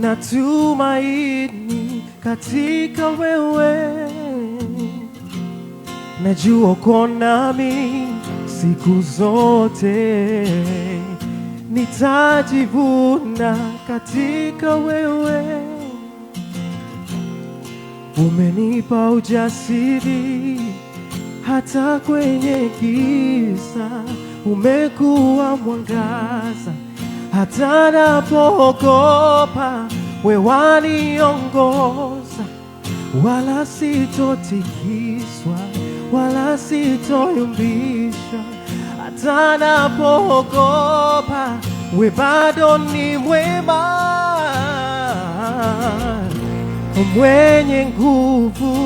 na tumaini katika wewe, najua uko nami siku zote, nitajivuna katika wewe. Umenipa ujasiri hata kwenye giza, umekuwa mwangaza hata we wewe waniongoza, wala sitotikiswa, wala sitoyumbishwa. Hata napoogopa, we bado ni mwema, mwenye nguvu,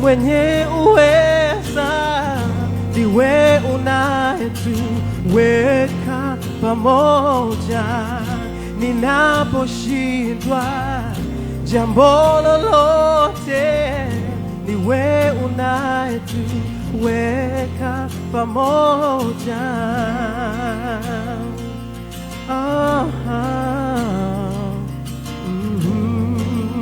mwenye uweza, ndiwe unayetuweza pamoja ninaposhindwa, jambo lolote, ni wewe unayetuweka pamoja. Oh, oh. Mm -hmm.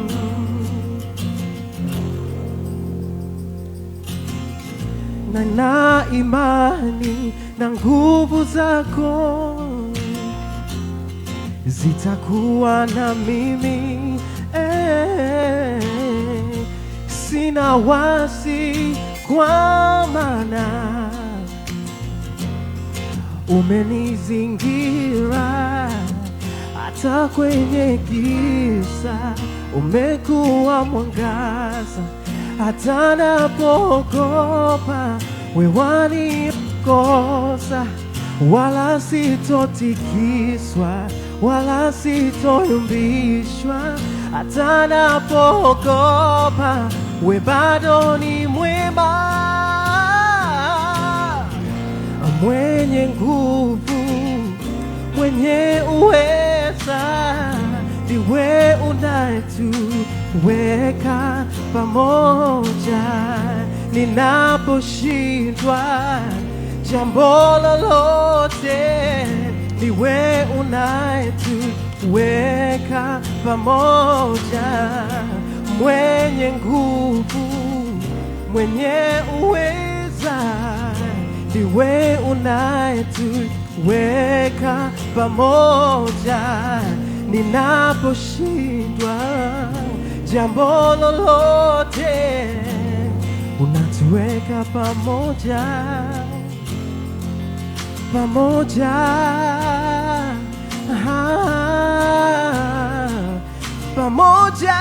na imani na nguvu zako zitakuwa na mimi eh, sina wasi, kwa maana umenizingira hata kwenye giza, umekuwa mwangaza hata napoogopa, wewani waniongoza, wala sitotikiswa wala sitoyumbishwa, hata napoogopa, we bado ni mwema, mwenye nguvu, mwenye uweza, ndiwe unayetuweka pamoja ninaposhindwa jambo lolote ndiwe unayetuweka pamoja, mwenye nguvu, mwenye uweza, ndiwe unayetuweka pamoja ninaposhindwa jambo lolote, unatuweka pamoja pamoja pamoja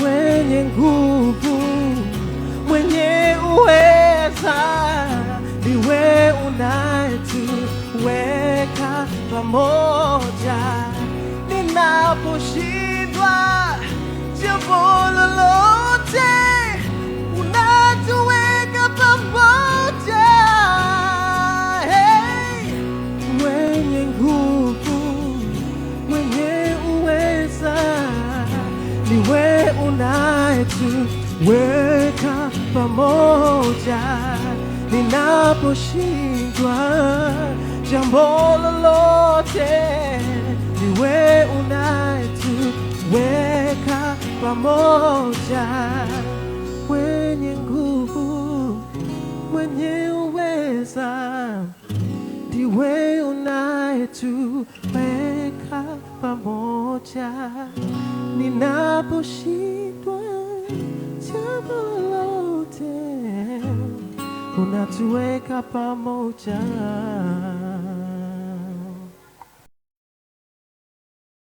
mwenye nguvu, mwenye uweza, iwe unatuweka pamoja ninaposhindwa jambo lolote wewe unayetuweka pamoja ninaposhindwa, jambo lolote, ni wewe unayetuweka pamoja, mwenye nguvu, mwenye uweza, ndiwe unayetuweka pamoja ninaposhindwa jambo lolote, unatuweka pamoja